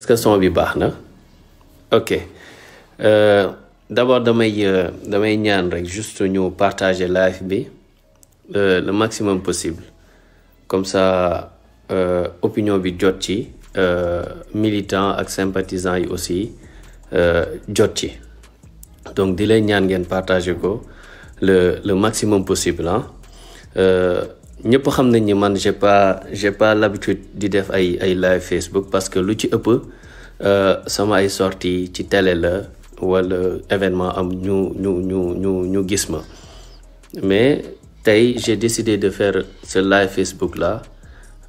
est-ce que son bi baax OK ok euh, d'abord damay euh, damay ñaan rek juste ñu partager live bi euh, le maximum possible comme ça opinion bi jot ci militant ak sympathisant yi aussi jot ci donc di lay ñaan ngeen partager ko le le maximum possible hein. euh ñëpp xam nañ ni man j'ai pas j'ai pas l'habitude di def ay ay live Facebook parce que lu ci ëpp euh, sama ay sortie ci télé la wala événement am ñu ñu ñu ñu ñu gis ma mais tey j'ai décidé de faire ce live Facebook là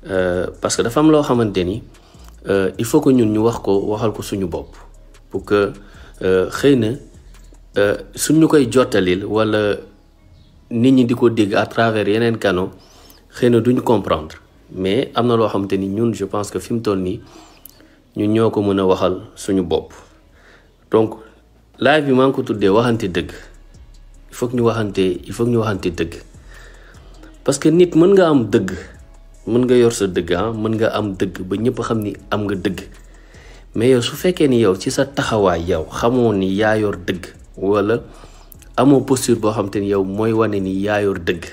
euh, parce que dafa am loo xamante ni euh, il faut que ñun ñu wax ko waxal ko suñu bopp pour que euh, xëy na suñu koy jottalil wala nit ñi di ko dégg à travers yeneen canaux xëy na duñ comprendre mais am na loo xamante ni ñun je pense que fi mu toll nii ñun ñoo ko mën a waxal suñu bopp donc la bi maa ngi ko tuddee waxante dëgg il faut que ñu waxante il faut que ñu waxante dëgg parce que nit mën nga am dëgg mën nga yor sa dëgg ah mën nga am dëgg ba ñëpp xam ni am nga dëgg mais yow su fekkee ni yow ci sa taxawaay yow xamoo ni yaa yor dëgg wala amoo posture boo xam te ni yow mooy wane ni yaa yor dëgg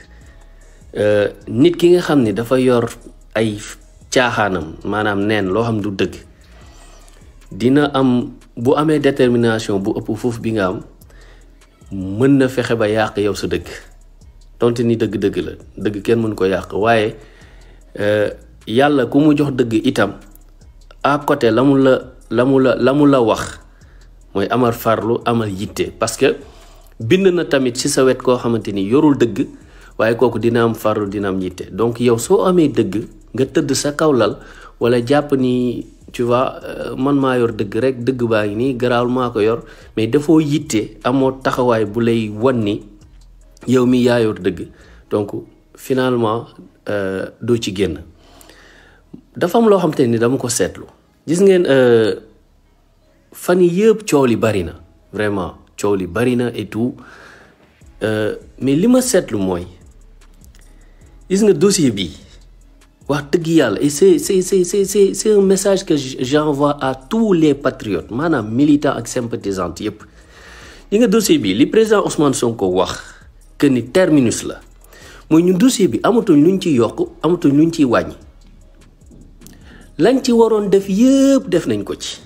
Euh, nit ki nga xam ni dafa yor ay caaxaanam maanaam neen loo xam du dëgg dina am bu amee détermination bu ëpp foofu bi nga am mën na fexe ba yàq yow sa dëgg tonte ni dëgg-dëgg la dëgg kenn mënu ko yàq waaye euh, yàlla ku mu jox dëgg itam à côté la mu la la mu la la mu la wax mooy amal farlu amal yitte parce que bind na tamit ci sa wet koo xamante ni yorul dëgg waaye kooku dina am farlu dina am yitte donc yow soo amee dëgg nga tëdd sa kaw lal wala jàpp ni tu vois euh, man maa yor dëgg rek dëgg baa ngi nii garaawul maa ko yor mais dafoo yitte amoo taxawaay bu lay wan ni yow mi yaa yor dëgg donc finalement euh, doo ci génn dafa am loo xam te ni dama ko seetlu gis ngeen euh, fan yi yëpp coow li bari na vraiment coow li bari na et tout mais li ma seetlu mooy gis nga dossier bi wax dëgg yàlla et c'est c'est c'est c'est c'est un message que j'envoie à tous les patriotes maanaam militants ak sympathisantes yépp yi nga dossier bi li président Ousmane Sonko wax que ni terminus la mooy ñun dossier bi amatuñ luñ ci yokk amatuñ luñ ci wàññi lañ ci waroon def yépp def nañ ko ci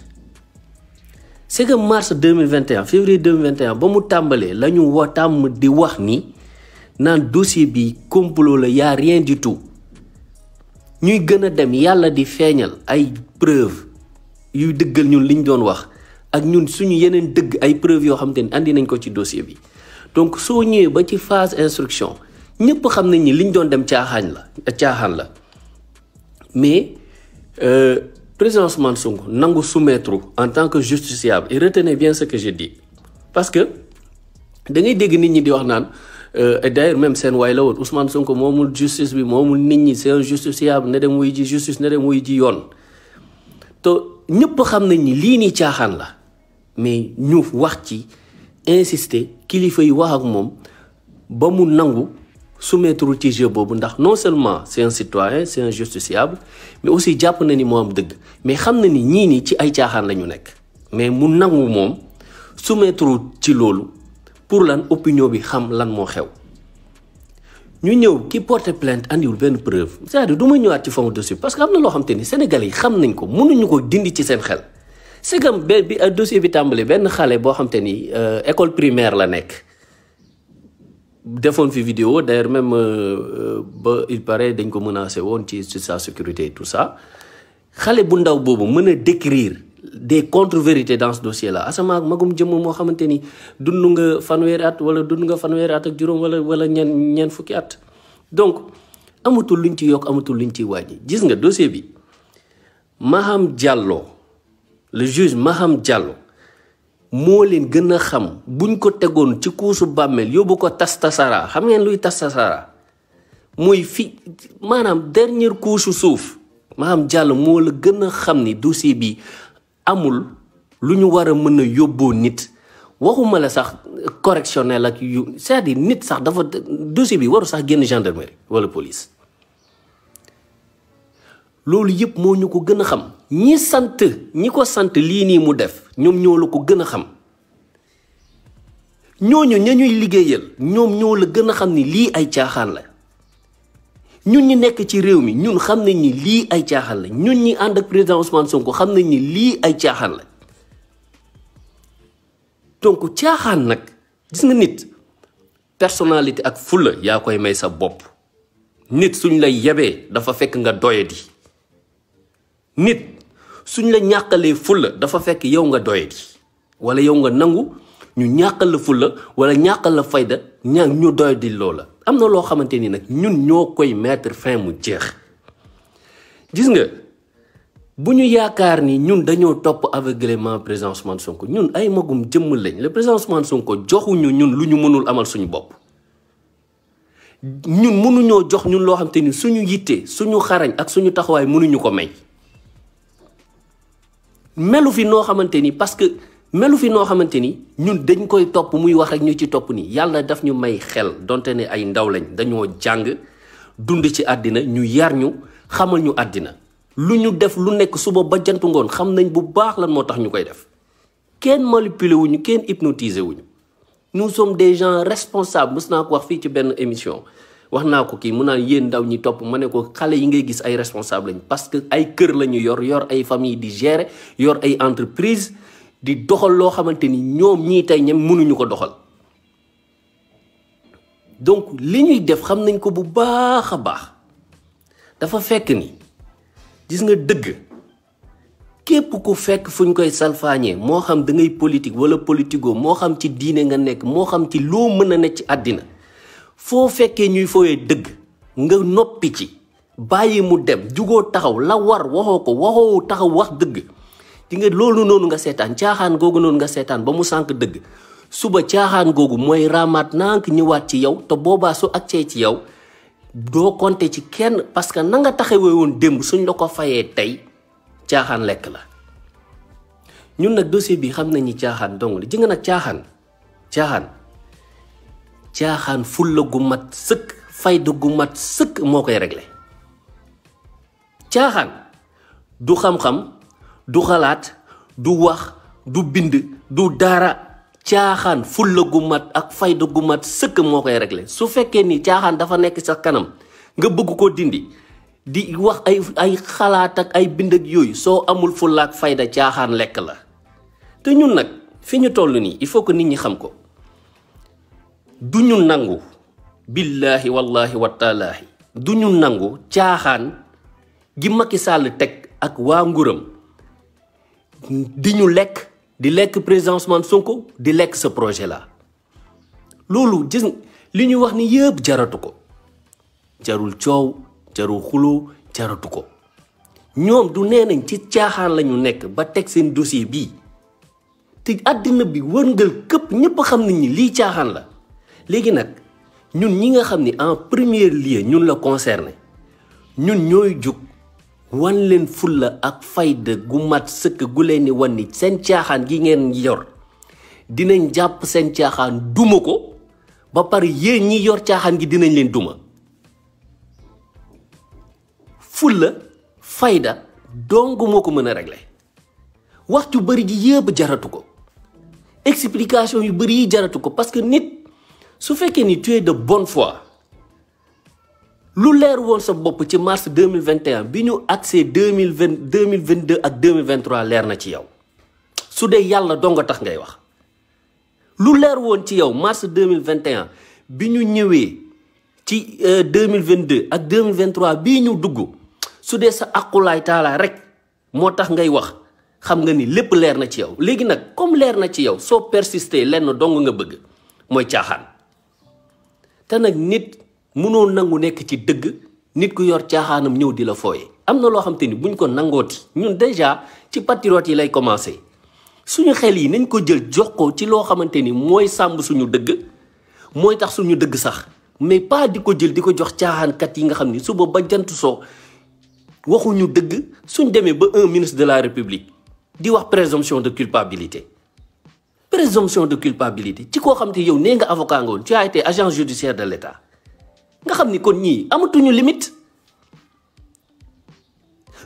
c'est que mars 2021 février 2021 ba mu tàmbalee la ñu wa tàmm di wax ni naan dossier bi complot la y a rien du tout ñuy gën a dem yàlla di feeñal ay preuve yu dëggal ñun liñ doon wax ak ñun suñu yeneen dëgg ay preuve yoo xam te ni andi nañ ko ci dossier bi donc soo ñëwee ba ci phase instruction ñëpp xam nañ ni liñ doon dem caaxaan la caaxaan la mais euh, président Ousmane Sonko nangu soumettre en tant que justiciable et retenez bien ce que j'ai dit, parce que da ngay dégg nit ñi di wax naan euh, et d'ailleurs même seen waay la woon Ousmane Sonko moomul justice bi moomul nit ñi c'est un justiciable ne dem wuy ji justice ne dem wuy ji yoon to ñëpp xam nañ ni lii nii caaxaan la mais ñu wax ci insister kilifa yi wax ak moom ba mu nangu soumettre ci jeu boobu ndax non seulement c'est un citoyen c'est un justiciable mais aussi jàpp na ni moo am dëgg mais xam na ni ñii ni ci ay caaxaan la ñu nekk mais mu nangu moom soumettre ci loolu pour lan opinion bi xam lan mo xew ñu ñew ki porter plainte andiul ben preuve c'est-à-dire du ñëwaat ci fond dossier parce que amna lo loo sénégalais yi xam nañ ko mënuñu ko dindi ci seen xel c'est benn bi euh, dossier bi tambalé ben xalé bo xam euh, école primaire la nek defoon fi vidéo d'ailleurs même euh, ba il paraît dañ ko menacer won ci sa sécurité et tout ça xalé bu ndaw bobu mëna décrire des contre-vérités dans ce dossier-là asamaak magum jëmm Tini, xamante ni dund nga fanweeri at wala dund nga fanweeri at ak wala wala ñen ñen fukki at donc amatul luñ ci yok amatul luñ ci waji. gis nga dossier bi Maham Diallo le juge Maham Diallo mo leen ham, xam buñ ko tegoon ci kuusu bammel yóbbu ko tas xam ngeen luy tas tasaraa fi manam dernière couche souf. Maham Diallo mo le gën xam ni dossier bi amul lu ñu war a mën a yóbboo nit waxuma la sax correctionnel ak yu cest nit sax dafa dossier bi waru sax génn gendarmerie wala police loolu yëpp moo ñu ko gën a xam ñi sant ñi ko sant lii nii mu def ñoom ñoo la ko gën a xam ñooñu ña ñuy liggéeyal ñoom ñoo la gën a xam ni lii ay caaxaan la ñun ñi nekk ci réew mi ñun xam nañ ni lii ay caaxaan la ñun ñi ànd ak président Ousmane Sonko xam nañ ni lii ay caaxaan la donc caaxaan nag gis nga nit personnalité ak fulla yaa koy may sa bopp nit suñ la yebee dafa fekk nga doyadi nit suñ la ñàkkalee fulla dafa fekk yow nga doyadi wala yow nga nangu ñu ñàkkal la fulla wala ñàkkal la fayda ña ñu doyadi loola am na loo xamante ni nag ñun ñoo koy mettre fin mu jeex gis nga bu ñu yaakaar ni ñun dañoo topp aveuglément président Ousmane Sonko ñun ay magum jëmm lañ le président Ousmane Sonko joxuñu ñun lu ñu mënul amal suñu bopp ñun mënuñoo jox ñun loo xamante ni suñu yitte suñu xarañ ak suñu taxawaay mënuñu ko may melu fi noo xamante ni parce melu fi noo xamante ni ñun dañ koy topp muy wax rek ñu ci topp ni yàlla daf ñu may xel donte ne ay ndaw lañ dañoo jàng dund ci àddina ñu yar ñu xamal ñu àddina lu ñu def lu nekk suba ba jant ngoon xam nañ bu baax lan moo tax ñu koy def kenn manipulé wuñu kenn hypnotiser wuñu nous sommes des gens responsables mës naa ko wax fii ci benn émission wax naa ko kii mu naan yéen ndaw ñi topp ma ne ko xale yi ngay gis ay responsable lañ parce que ay kër lañu yor yor ay famille di gérer yor ay entreprise di doxal loo xamante ni ñoom ñii tey ñam mënuñu ko doxal donc li ñuy def xam nañ ko bu baax a baax dafa fekk ni gis nga dëgg képp ku fekk fuñ koy salfaañee moo xam da ngay politique wala politigo moo xam ci diine nga nekk moo xam ci loo mën a ne ci àddina ñuy fooyee dëgg nga noppi ci bàyyi mu dem jugoo taxaw la war waxoo ko waxoo taxaw wax dëgg di nga loolu noonu nga seetaan caaxaan googu noonu nga seetaan ba mu sànq dëgg suba caaxaan googu mooy raamaat nank ñëwaat ci yow te boobaa su ak ci yow doo konte ci kenn parce que na nga taxawee woon démb suñ la ko fayee tey caaxaan lekk la ñun nag dossier bi xam nañu caaxaan dong li ji nga nag caaxaan caaxaan caaxaan fulla gu mat sëkk fayda gu mat sëkk moo koy regle caaxaan du xam-xam du xalaat du wax du bind du dara caaxaan fulla gu mat ak fayda gu mat sëkk moo koy régler su fekkee ni caaxaan dafa nekk sa kanam nga bëgg ko dindi di wax ay xalaat ak ay bind ak yooyu soo amul fulla ak fayda caaxaan lekk la te ñun nag fi ñu toll nii il faut que nit ñi xam ko du ñu nangu billaahi wallaahi wataalaahi du ñu nangu caaxaan gi Macky Sall teg ak waa nguram di ñu lekk di lekk présidencement Ousmane Sonko di lekk sa projet là loolu gis li ñuy wax ni yëpp jaratu ko jarul coow jarul xuloo jaratu ko ñoom du nee nañ ci caaxaan lañu nekk ba teg seen dossier bi te àddina bi wërngal këpp ñëpp xam nañ ni lii caaxaan la léegi nag ñun ñi nga xam ni en premier lieu ñun la concerné ñun ñooy jug wan leen fulla ak fayda gu mat sëkk gu leen ni wan ni seen caaxaan gi ngeen yor dinañ jàpp seen caaxaan duma ko ba pare yéen ñi yor caaxaan gi dinañ leen duma fulla fayda dong moo ko mën a regle wax ju bëri ji yëpp jaratu ko explication yu bëri yi jaratu ko parce que nit su fekkee ni tu de bonne foi lu leer woon sa bopp ci mars 2021 bi ñu 2020 2022 ak 2023 leer na ci yow su dee yàlla donga tax ngay wax lu leer woon ci yow mars 2021 bi ñu ñëwee ci 2022 euh, ak 2023 bii ñu dugg su dee sa aqulaay taalaa rek moo tax ngay wax xam nga ni lépp leer na ci yow léegi nag comme leer na ci yow soo persister lenn dong nga bëgg mooy caaxaan te nag nit munoo nangu nekk ci dëgg nit ku yor caaxaanam ñëw di la buñ nangooti ñun déjà ci patriote yi lay commencé suñu xel yi nañ ko jël jox ko ci loo xamante ni mooy suñu dëgg mooy tax suñu dëgg sax mais pas jël yi nga ba jant soo waxuñu dëgg un ministre de la république di wax présomption de culpabilité présomption de culpabilité ci koo yow avocat tu as été agent judiciaire de l'État. nga xam ni kon ñii amatuñu limite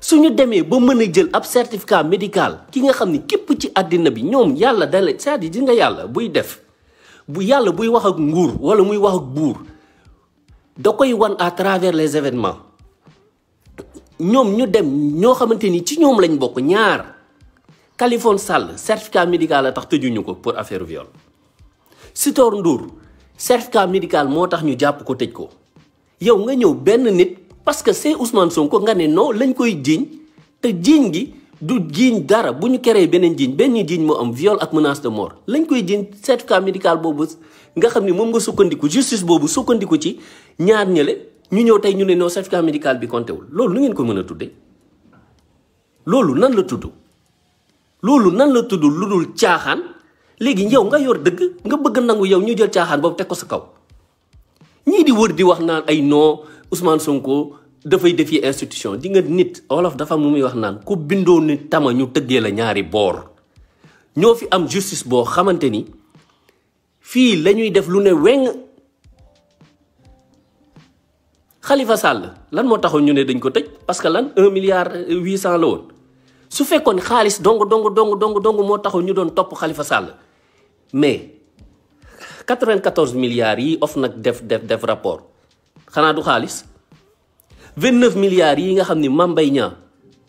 suñu demee ba mën a jël ab certificat médicale ki nga xam ni képp ci àddina bi ñoom yàlla dala cest à di nga yàlla buy def bu yàlla buy wax ak nguur wala muy wax ak buur da koy wan à travers les événements ñoom ñu dem ñoo xamante ni ci ñoom lañ bokk ñaar Khaliphone Sall certificat médical la tax tëjuñu ko pour affaire viol Sitor Ndour certificat médicale moo tax ñu jàpp ko tëj ko yow nga ñëw benn nit parce que c'est Ousmane Sonko nga ne noo lañ koy jiiñ te jiiñ gi du jiiñ dara bu ñu keree beneen jiiñ benn jiiñ moo am viol ak menace de mort lañ koy jiiñ certificat médical boobu nga xam ne moom nga sukkandiku justice boobu sukkandiku ci ñaar ñële ñu ñëw tey ñu ne non certificat médical bi compté wul loolu lu ngeen ko mën a tuddee loolu nan la tudd loolu nan la tudd lu dul caaxaan léegi yow nga yor dëgg nga bëgg nangu yow ñu jël caaxaan boobu teg ko sa kaw. ñii di wër di wax naan ay noo Ousmane Sonko dafay défier institution di nga nit olof dafa am muy wax naan ku bindoo ni tama ñu tëggee la ñaari boor ñoo fi am justice boo xamante ni fii lañuy def lu ne weng Khalifa Sall lan moo taxoon ñu ne dañ ko tëj parce que lan un milliard huit cent la woon su fekkoon xaalis dong dong dong dong dong moo taxoon ñu doon topp xalifa Sall mais 94 milliards yi OFNAC def def def rapport xanaa du xaalis 29 milliards yi nga xam ni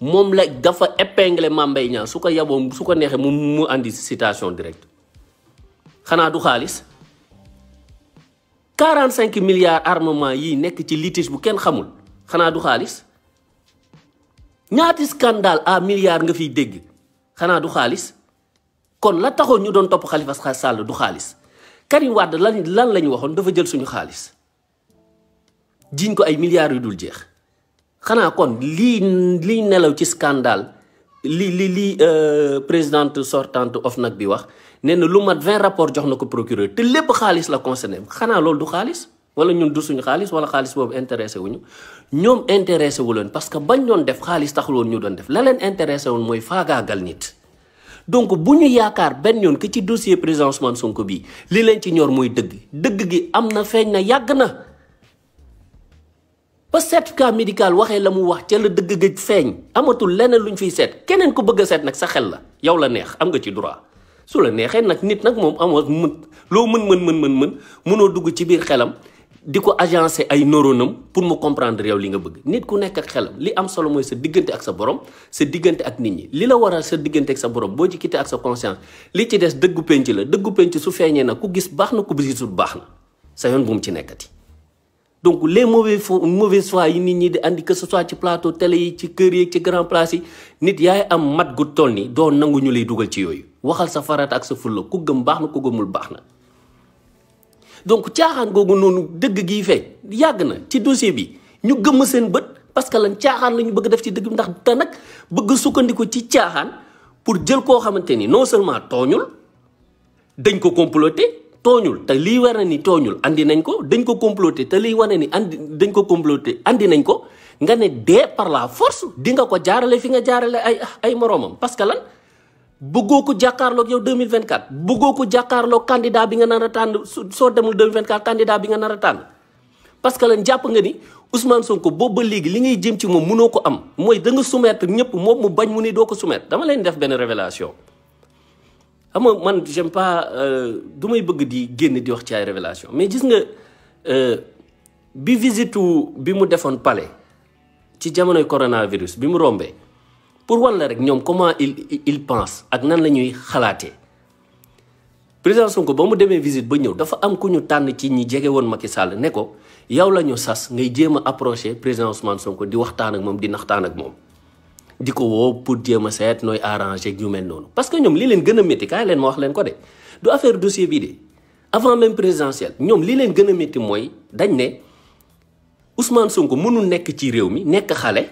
Mame la dafa épingler Niang su ko andi citation directe xanaa du xaalis 45 milliards armement yi nekk ci litige bu kenn xamul xanaa du xaalis ñaati scandale à milliards nga fiy dégg xanaa du xaalis kon la taxoon ñu doon du Karim Wade lan lan la ñu waxoon dafa jël suñu xaalis jiñ ko ay milliards yu dul jeex xanaa kon lii liy nelaw ci scandale li li li présidente sortante OFNAC bi wax nee na lu mat 20 rapport jox na ko procureur te lépp xaalis la concerné xanaa loolu du xaalis wala ñun du suñu xaalis wala xaalis boobu intéressé wuñu ñoom intéressé wu leen parce que bañ doon def xaalis taxul woon ñu doon def la leen intéressé woon mooy faagaagal nit. donc bu ñu yaakaar qui ci dossier présence Ousmane Sonko bi li leen ci ñor muy deug gi na na certificat médical waxee la wax ci la deug ga feñ amatu leneen luñ ko bëgg nak sa la yow la neex am nga ci droit su la nit nak di ko agencé ay noroonam pour mu comprendre yow li nga bëgg nit ku nekk ak xelam li am solo mooy sa diggante ak sa borom sa diggante ak nit ñi li la waral sa diggante ak sa borom boo ci quitté ak sa conscience li ci des dëggu penc la dëggu penc su feeñee na ku gis baax na ku gisul baax na sa yoon bu mu ci nekkati. donc les mauvais fo mauvais fois yi nit ñi di indi que ce soit ci plateau télé yi ci kër yi ci grand place yi nit yaay am mat gu toll ni doo nangu dugal ci yooyu waxal sa farata ak sa fulla ku gëm baax na ku gëmul baax na. donc caaxaan googu noonu dëgg gii feeñ yàgg na ci dossier bi ñu gëmm seen bët parce que lan caaxaan la ñu bëgg def ci dëgg ndax te nag bëgg sukkandiku ci caaxaan pour jël koo xamante ni non seulement tooñul dañ ko comploter tooñul te lii war na ni tooñul andi nañ ko dañ ko comploter te lii war na ni andi dañ ko comploter andi nañ ko nga ne dee par la force di nga ko jaarale fi nga jaarale ay ay moroomam parce que lan. bëggoo ko jàkkaarloog yow 2024 bëggoo ko jàkkaarloog candidat bi nga nar a tànn soo demul 2024 candidat bi nga nar a parce que lan jàpp nga ni Ousmane Sonko boobu ba léegi li ngay jëm ci moom mënoo ko am mooy da nga soumettre ñëpp moom mu bañ mu ne doo ko soumettre dama leen def benn révélation xam man j'aime pas euh, du may bëgg di génn di wax ci ay révélation mais gis nga euh, bi visitu bi mu defoon pale ci jamonoy coronavirus bi mu rombee pour wan rek ñoom comment il il pense ak nan lañuy xalaté président Sonko ba mu demee visite ba ñëw dafa am ku ñu tànn ci ñi jege won Macky Sall ne ko yow sas ngay jéma approcher président Ousmane Sonko di waxtaan ak mom di naxtaan ak mom di ko pour jéma a noy arranger ak yu mel non parce que ñom li leen gëna a métti leen ma wax leen ko de du affaire dossier bi dé avant même présidentiel ñom li leen gëna a moy dañ ne Ousmane Sonko mënu nekk ci réew mi nekk xalé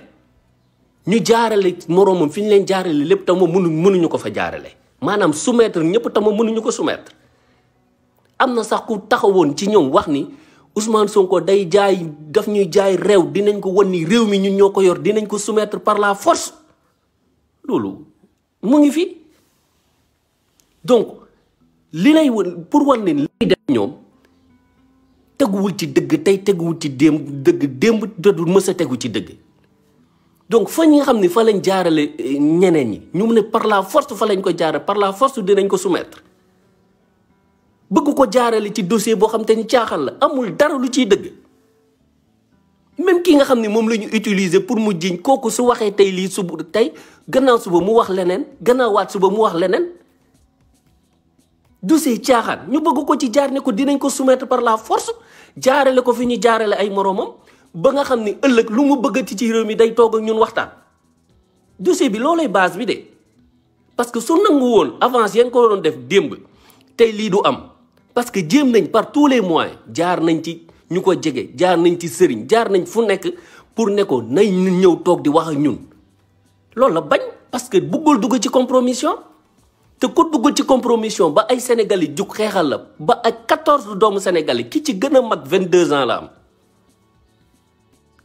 ñu jaarale moroomam fi ñu leen jaarale lépp tam moom mënu mënuñu ko fa jaarale maanaam soumettre ñëpp tam moom mënuñu ko soumettre am na sax ku taxawoon ci ñoom wax ni Ousmane Sonko day jaay daf ñuy jaay réew dinañ ko wan nii réew mi ñu ñoo ko yor dinañ ko soumettre par la force loolu mu ngi fi donc li lay wan pour wan ne li def ñoom teguwul ci dëgg tey teguwul ci démb dëgg démb dëddul mës a tegu ci dëgg donc fa ñi nga xam ne fa lañ jaarale eh, ñeneen ñi ñu mu ne par la force fa lañ ko jaarale par la force dinañ ko soumettre bëgg ko jaarale ci dossier boo xam te ni caaxal la amul dara lu ciy dëgg même ki nga xam ne moom la ñu utiliser pour mu jiñ kooku su waxee tey lii suba tey gannaaw suba mu wax leneen gannaawaat suba mu wax leneen dossier caaxaan ñu bëgg ko ci jaar ne ko dinañ ko soumettre par la force jaarale ko fi ñu jaarale ay moromam. ba nga xam ni ëllëg lu mu bëggati ci réew mi day toog ak ñun waxtaan dossier bi loolay baas bi de parce que su nangu woon avance yeen ko doon def démb tey lii du am parce que jéem nañ par tous les mois jaar nañ ci ñu ko jege jaar nañ ci sëriñ jaar nañ fu nekk pour ne ko nañ ñëw toog di wax ak ñun loolu la bañ parce que bëggul dugg ci compromission te ku dugg ci compromission ba ay sénégalais jug xeexal la ba ay quatorze doomu sénégalais ki ci gën a mag vingt deux ans la am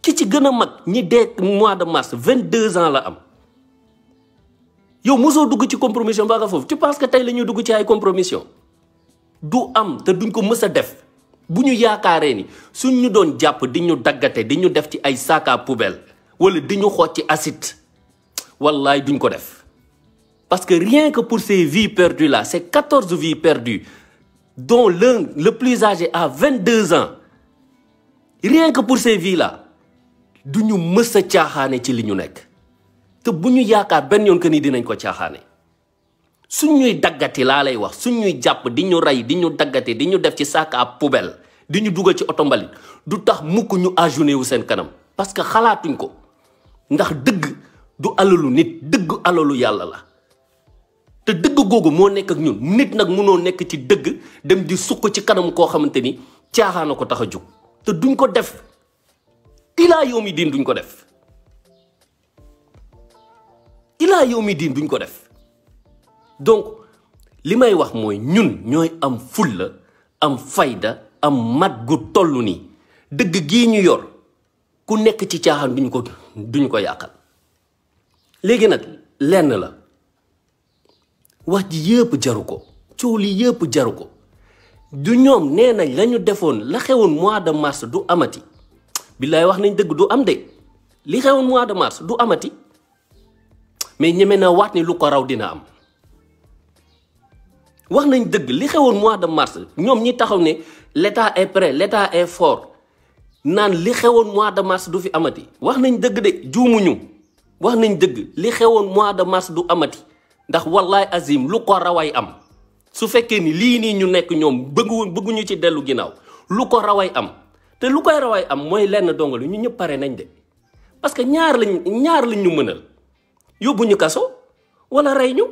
ki ci gën mag ñi dee mois de mars 22 ans la am yow mosoo dugg ci compromission ba nga tu penses que tay lañu ñuy dugg ci ay compromission du am te duñ ko mës a def bu ñu yaakaaree ni suñ ñu doon jàpp di ñu daggate di ñu def ci ay saaka poubelle wala di ñu xooj ci acide wallaay duñ ko def parce que rien que pour ces vies perdues là c'est 14 vies perdues dont l'un le plus âgé a 22 ans rien que pour ces vies là du ñu mës a caaxaane ci li ñu nekk te bu ñu yaakaar benn yoon que ni dinañ ko caaxaane suñ ñuy daggati laa lay wax suñ ñuy jàpp di ñu rey di ñu daggati di ñu def ci sac à poubelle di ñu dugal ci oto mbali du tax mukk ñu ajourné wu seen kanam parce que xalaatuñ ko ndax dëgg du alalu nit dëgg alalu yàlla la te dëgg googu moo nekk ak ñun nit nag mënoo nekk ci dëgg dem di sukk ci kanam koo xamante ni caaxaana ko tax a jóg te duñ ko def ilaa yow mi diin duñ ko def ilaa yow mi diin duñ ko def donc li may wax mooy ñun ñooy am fulla am fayda am mag gu tollu nii dëgg gii ñu yor ku nekk ci caaxaan duñ ko duñ ko yàqal léegi nag lenn la wax ji yëpp jaru ko coow li yëpp jaru ko du ñoom nee nañ lañu defoon la xewoon mois de mars du amati billaay wax nañ dëgg du am de li xewoon mois de mars du amati mais ñeme naa waat ni lu ko raw dina am wax nañ dëgg li xewoon mois de mars ñoom ñi taxaw ne l'état est prêt l'état fort naan li xewoon mois de mars du fi amati wax nañ dëgg wax nañ dëgg li xewoon mois de mars du amati ndax wallaay azim lu ko raway am su fekkee ni lii nii ñu nekk ñoom bëggu bëgguñu ci dellu ginnaaw lu ko raway am te lu koy rawaay am mooy lenn lu ñu ñëpp pare nañ de parce que ñaar lañ ñaar lañ ñu mënal yóbbu ñu kaso wala rey ñu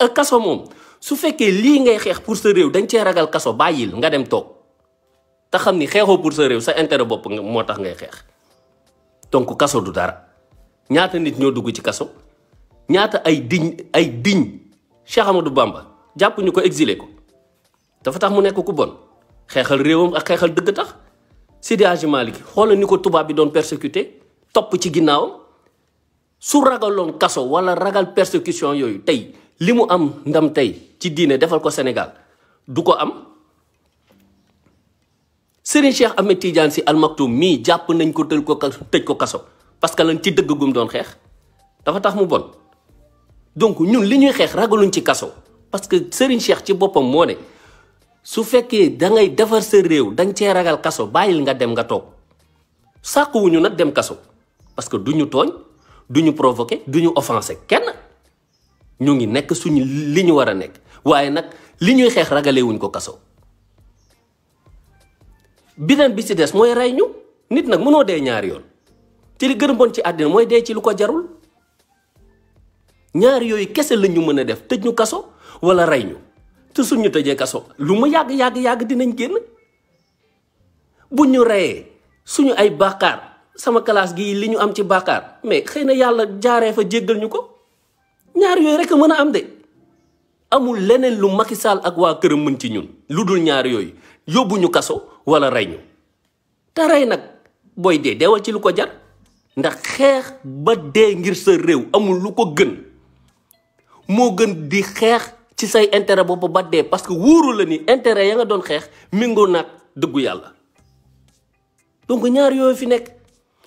euh, kaso moom su fekkee lii ngay xeex pour sa réew dañ cee ragal kaso bàyyil nga dem toog te xam ni xeexoo pour sa réew sa intérêt bopp moo tax ngay xeex donc kaso du dara ñaata nit ñoo dugg ci kaso ñaata ay diñ ay diñ Cheikh Amadou Bamba jàpp ñu ko exile ko dafa tax mu nekk ku bon. xeexal réewam ak xeexal dëgg tax sidi Hadji Malick xoolal ni ko tubaab bi doon persécuté topp ci ginnaawam su ragaloon kaso wala ragal persécution yooyu tey li mu am ndam tey ci diine defal ko Sénégal du ko am Serigne Cheikh Ahmed Tidiane Sy Al Maktoum mii jàpp nañ ko tëj ko tëj ko kaso parce que lan ci dëgg gum doon xeex dafa tax mu bon donc ñun li ñuy xeex ragaluñ ci kaso parce que Serigne Cheikh ci boppam moo ne su fekke da ngay defar sa rew dang ci ragal kaso bayil nga dem nga sakku wuñu dem kaso parce que duñu togn duñu provoquer duñu offenser kenn ñu ngi nek suñu liñu wara nek waye nak liñuy xex wuñ ko kaso bidan bi ci dess moy ray ñu nit nak mëno dé ñaar yoon ci li gën bon ci adina moy dé ci lu jarul ñaar yoy kessé lañu mëna def tejñu kasso kaso wala ray ñu te suñu ñu tëjee kaso lu mu yàgg yàgg yàgg dinañ génn bu ñu reyee suñu ay bàkkaar sama kalaas gi li ñu am ci bàkkaar mais xëy na yàlla jaaree fa jéggal ñu ko ñaar yooyu rek a mën a am de amul leneen lu Macky Sall ak waa këram mën ci ñun lu dul ñaar yooyu yóbbu ñu kaso wala rey ñu te rey nag booy dee deewal ci lu ko jar ndax xeex ba dee ngir sa réew amul lu ko gën moo gën di xeex. ci say intérêt boobu ba dee parce que wóoru la ni intérêt ya nga doon xeex méngoo naag dëggu yàlla donc ñaar yooyu fi nekk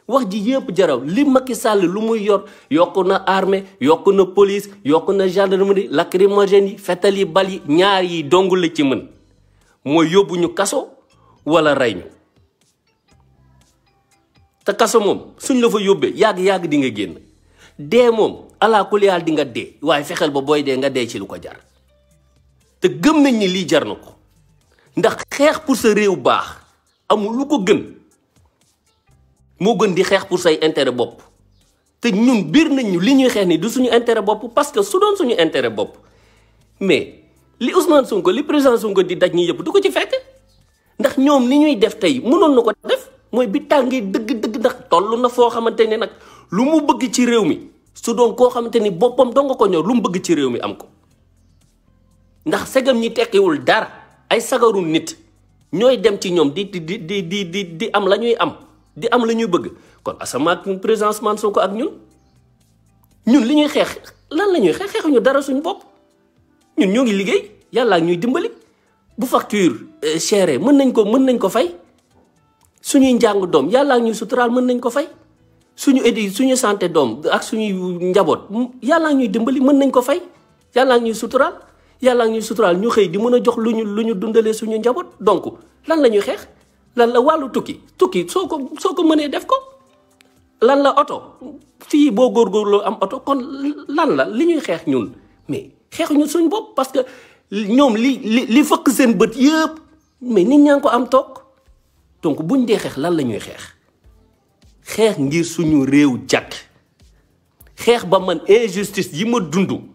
wax ji yëpp jaraw li Macky Sall lu muy yor yokk na armée yokk na police yokk na gendarmerie lacrymogène yi fetal yi bal yi ñaar yi dong la ci mën mooy yóbbu ñu kaso walla rey ñu te kaso moom suñ la fa yóbbee yàgg-yàgg di nga génn dee moom alaa kulli haal nga dee waaye fexeel ba booy dee nga dee ci lu ko jar te gëm nañ ni lii jar na ko ndax xeex pour sa réew baax amul lu ko gën moo gën di xeex pour say intérêt bopp te ñun biir nañ li ñuy xeex ni du suñu intérêt bopp parce que su doon suñu intérêt bopp mais li Ousmane Sonko li président Sonko di daj ñi yëpp du ko ci fekk ndax ñoom li ñuy def tey mënoon na ko def mooy bi tàngee dëgg-dëgg ndax toll na foo xamante ne nag lu mu bëgg ci réew mi su doon koo xamante ni boppam dong nga ko ñëw lu mu bëgg ci réew mi am ko ndax segam ñi tekkiwul dara ay sagaru nit ñooy dem ci ñoom di di di di di am la ñuy am di am la ñuy bëgg kon asamaa président Ousmane ko ak ñun ñun li ñuy xeex lan la ñuy xeex dara suñu bopp ñun ñoo ngi liggéey yàlla ñuy dimbali bu facture euh, chère mën nañ ko mën nañ ko fay suñuy njàng doom yàlla ak ñuy mën nañ ko fay suñu édi suñu santé doom ak suñuy njaboot yàlla ñuy dimbali mën nañ ko fay yàlla ak ñuy suturaal. yàlla ngi ñu suturaal ñu xëy di mën a jox lu ñu lu ñu dundalee suñu njaboot donc lan la ñuy xeex lan la wàllu tukki tukki soo ko soo ko mënee def ko lan la oto fii boo góorgóorloo am oto kon lan la li ñuy xeex ñun mais ñu suñ bopp parce que ñoom li li li fëkk seen bët yëpp mais nit ñaa ngi ko am toog donc buñ dee xeex lan la ñuy xeex xeex ngir suñu réew jàkk xeex ba man injustice yi ma dund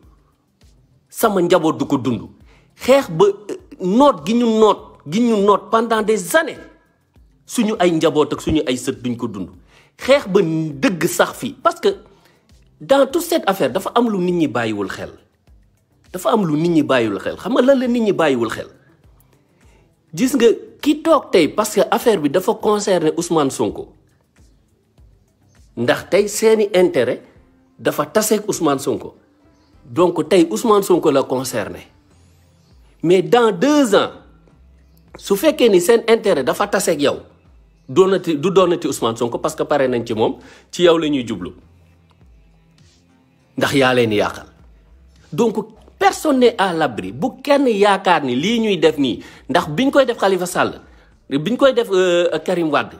sama njaboot du ko dund xeex ba euh, noot gi ñu noot gi ñu noot pendant des années suñu ay njaboot ak suñu ay sët duñ ko dund xeex ba dëgg sax fii parce que dans toute cette affaire dafa am lu nit ñi bàyyiwul xel dafa am lu nit ñi bàyyiwul xel xam nga lan la nit ñi bàyyiwul xel gis nga ki toog tey parce que affaire bi dafa concerner Ousmane Sonko ndax tey seeni intérêt dafa taseeg Ousmane Sonko donc Tay Ousmane Sonko la concerné mais dans deux ans si fekkee ni intérêt dafa tase ak yow Ousmane Sonko parce que de ci ci yow jublu ndax donc personne n'est à l'abri bu kenn avez ni li ñuy def ndax biñ koy def Khalifa Sall biñ koy def euh, Karim avez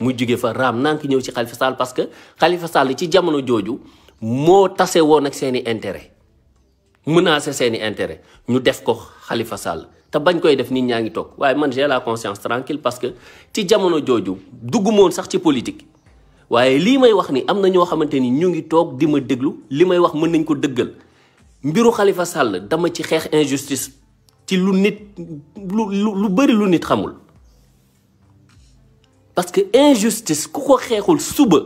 muy Khalifa parce que Khalifa moo tase woon ak seeni intérêt menacé seeni intérêt ñu def ko xalifa Sall te bañ koy def nit ñaa ngi toog waaye man j'ai la conscience tranquille parce que ci jamono jooju duggumoon sax ci politique waaye lii may wax ni am na ñoo xamante ni ñu ngi toog di ma déglu li may wax mën nañ ko dëggal mbiru xalifa Sall dama ci xeex injustice ci lu nit lu lu bëri lu nit xamul parce que injustice ku ko xeexul suba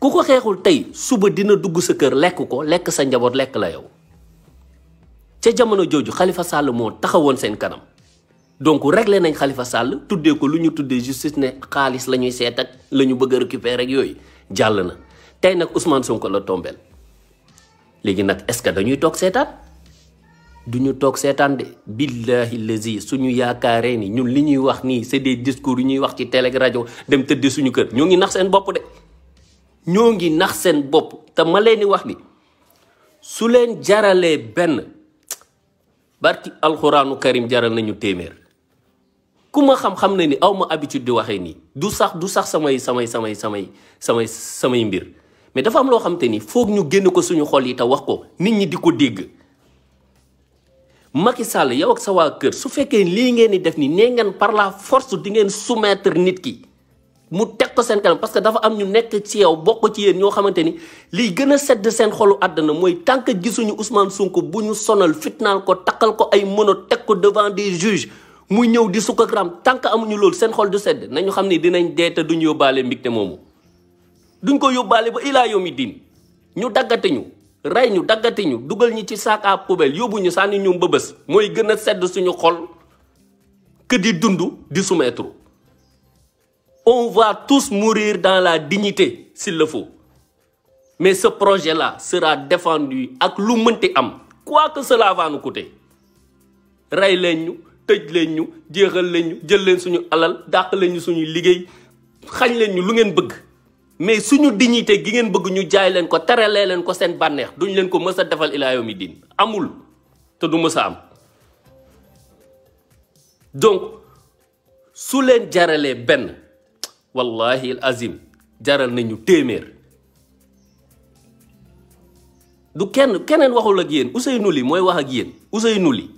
ku ko xeexul tey suba dina dugg sa kër lekk ko lekk sa njaboot lekk la yow ca jamono jooju xalifa sàll moo taxawoon seen kanam donc réglé nañ xalifa sàll tuddee ko lu ñu tuddee justice ne xaalis la ñuy seet ak la ñu bëgg a récupérer yooyu jàll na tey nag Ousmane Sonko la tombeel léegi nag est-ce que dañuy toog seetaan duñu ñu toog seetaan de billahi lazi suñu yaakaaree ni ñun li ñuy wax nii c'est des discours yu ñuy wax ci télé rajo dem tëddee suñu kër ñu ngi nax seen bopp de. ñoo ngi nax seen bopp te ma leen wax ni su leen jaralee benn barki alxuraanu karim jaral nañu téeméer ku ma xam xam na ni aw ma habitude di waxee nii du sax du sax samay samay samay samay samay samay mbir mais dafa am loo xam te ni foog ñu génn ko suñu xol yi te wax ko nit ñi di ko dégg Macky Sall yow ak sa waa kër su fekkee lii ngeen di def ni nee ngeen par la force di ngeen soumettre nit ki mu teg ko seen kanam parce que dafa am ñu nekk ci yow bokk ci yéen ñoo xamante ni liy gën a sedd seen xolu àddana mooy tant que gisuñu Ousmane Sonko bu ñu sonal fitnaal ko takkal ko ay mëno teg ko devant des juges muy ñëw di sukk ak ram tant que amuñu loolu seen xol du sedd nañu xam ne dinañ dee te duñ yóbbaale mbigte moomu. duñ ko yóbbaale ba ilaa yomi diin ñu daggate ñu rey ñu daggate ñu dugal ñu ci saaka à poubelle yóbbu ñu sànni ba bës mooy gën a sedd suñu xol que di dund di soumettre. on va tous mourir dans la dignité si le faut mais sa projet-là sera défendu ak lu mënti am quoi que cela va nous coûter rey leen ñu tëj leen ñu jéexal leen ñu jël leen suñu alal dàq leen ñu suñu liggéey xañ leen ñu lu ngeen bëgg mais suñu dignité gi ngeen bëgg ñu jaay leen ko teralee leen ko seen bànneex duñ leen ko mës a defal ilaa yawmi diin amul te du mës a am donc su leen jaralee benn wallahi azim jaral nañu téeméer du kenn keneen waxul ak yéen nu li mooy wax ak yéen Ousseynou Ly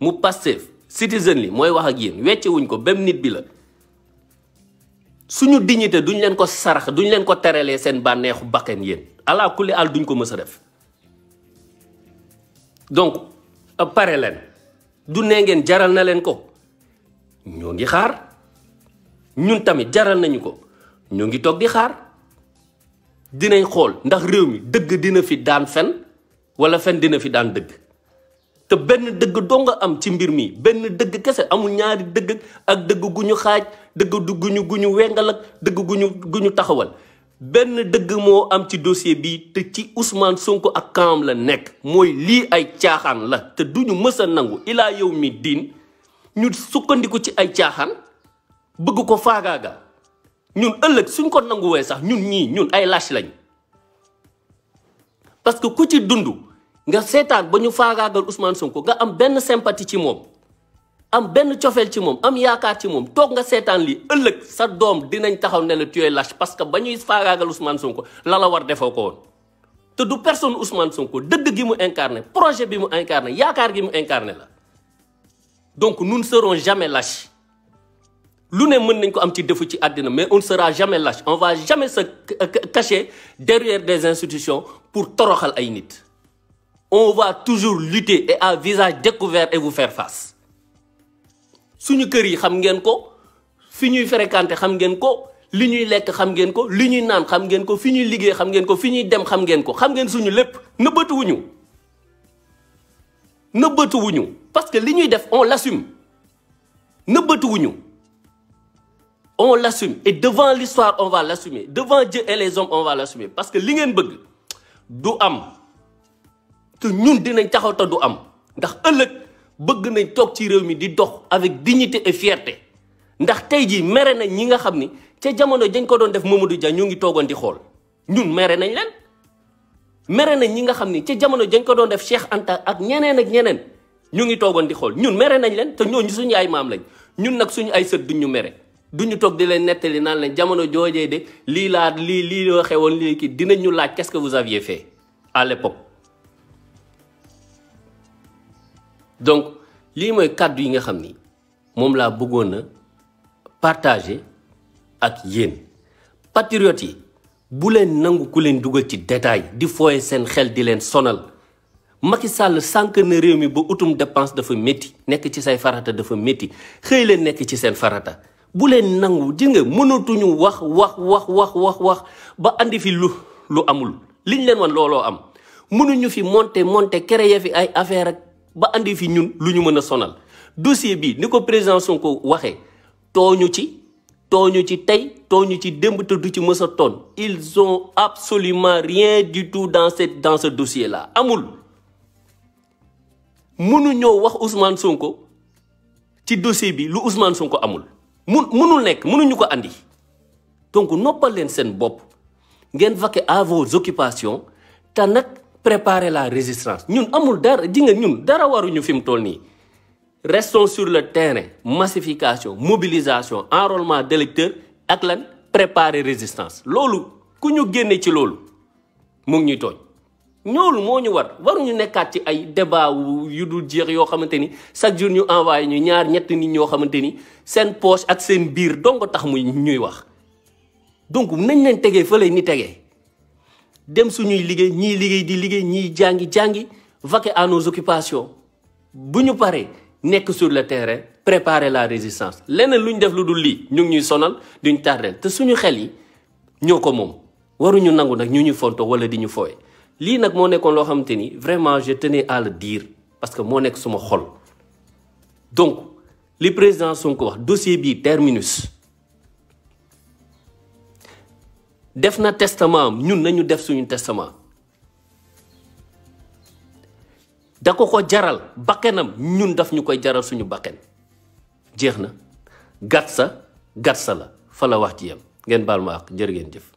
mu Pastef citizen li mooy wax ak yéen weccewuñ ko bem nit bi la suñu dignité duñ leen ko sarax duñ leen ko terelee seen bànneexu bakkan yéen ala kulli àll duñ ko mës a def donc pare leen du nee ngeen jaral na leen ko ñoo ngi xaar ñun tamit jaral nañu ko ñu ngi toog di xaar dinañ xool ndax réew mi dëgg dina fi daan fen wala fen dina fi daan dëgg te benn dëgg doo nga am ci mbir mi benn dëgg kese amul ñaari dëgg ak dëgg gu ñu xaaj dëgg du gu ñu gu ñu wengal dëgg gu ñu gu ñu taxawal benn dëgg moo am ci dossier bi te ci usmaan Sonko ak kaam la nekk mooy lii ay caaxaan la te du ñu mës a nangu ilaa yow mi diin ñu sukkandiku ci ay caaxaan bëgg ko faagaagal ñun ëllëg suñ ko nanguwee sax ñun ñii ñun ay lâche parce que ku ci dund nga seetaan ba ñu faagaagal Ousmane Sonko nga am sympathie ci moom am benn cofeel ci moom am yaakaar ci moom toog nga seetaan lii ëllëg sa doom dinañ taxaw ne la tuyee lâche parce que ba ñuy faagaagal Ousmane Sonko la la war defoo ko woon te du personne Ousmane Sonko dëgg gi mu incarné projet bi mu incarné yaakaar gi mu la donc nous ne serons jamais lâches lu ne mën nañ ko am ci defu ci àddina mais on ne sera jamais lâche on va jamais se cacher derrière des institutions pour toroxal ay nit on va toujours lutter et à visage découvert et vous faire face suñu kër yi xam ngeen ko fi ñuy fréquenter xam ngeen ko li ñuy lekk xam ngeen ko li ñuy naan xam ngeen ko fi ñuy liggéey xam ko fi dem xam ngeen ko xam ngeen suñu lépp nëbbatuwuñu nëbbatuwuñu parce que li def on l'assume nëbbatuwuñu on l'assume et devant l'histoire on va l'assumer devant Dieu et les hommes on va l'assumer parce que li ngeen bëgg du am te ñun dinañ taxaw te du am ndax ëllëg bëgg nañ toog ci réew di dox avec dignité et fierté ndax tey jii mere nañ ñi nga xam ni ca jamono dañ ko doon def Mamadou Dia ñu ngi togon di xol ñun mere nañ len mere nañ ñi nga xamni ci ca jamono dañ ko doon def Cheikh Anta ak ñeneen ak ñeneen ñu ngi togon di xol ñun mere nañ len te ñooñu suñu ay mam lañ ñun nak suñu ay sët duñ ñu mere nous tok di len netali nan len jamono de qu'est-ce que vous aviez fait à l'époque donc li moy cadeau yi nga xamni mom la bëggona partager ak patriotes bu len nangu ku len dugal ci détail di fooye sen xel di len sonal Macky Sall mi dépense dafa ci say farata dafa bu leen nangu ji nga mënatuñu wax wax wax wax wax wax ba andi fi lu lu amul liñ leen won lolo am mënuñu fi monter monter créer fi ay affaire ba andi fi ñun luñu mëna sonal dossier bi niko président Sonko waxé toñu ci toñu ci tay toñu ci demb te du ci mësa a toon ils ont absolument rien du tout dans cette dans ce dossier là amul mënuñoo wax Ousmane Sonko ci dossier bi lu Ousmane Sonko amul mun munul nekk ko andi donc noppal leen seen bopp ngeen vaquer à vos occupations te préparer la résistance ñun amul dara ji nga ñun dara waruñu fi mu toll nii restons sur le terrain massification mobilisation enrôlement d'électeurs ak lan préparer résistance loolu ku ñu génne ci loolu mu ñuy tooñ ñool moo ñu war waruñu nekkaat ci ay débat yu dul jeex yoo xamante chaque jour ñu envoyé ñu ñaar nit ñoo poche ak biir tax ñuy donc nañ leen tegee fa ni nous dem suñuy liggéey ñii liggéey di liggéey ñii vaquer à nos occupations bu nekk sur le terrain préparer la résistance leneen lu def lu dul lii ñu ñuy sonal duñ tardel te ce que je nekkoon vraiment je tenais à le dire parce que je nekk suma donc li président Sonko wax dossier terminus def testament ñun nañu def suñu testament da ko jaral bakkenam ñun daf ñu jaral suñu bakken jeex na un fa la wax ak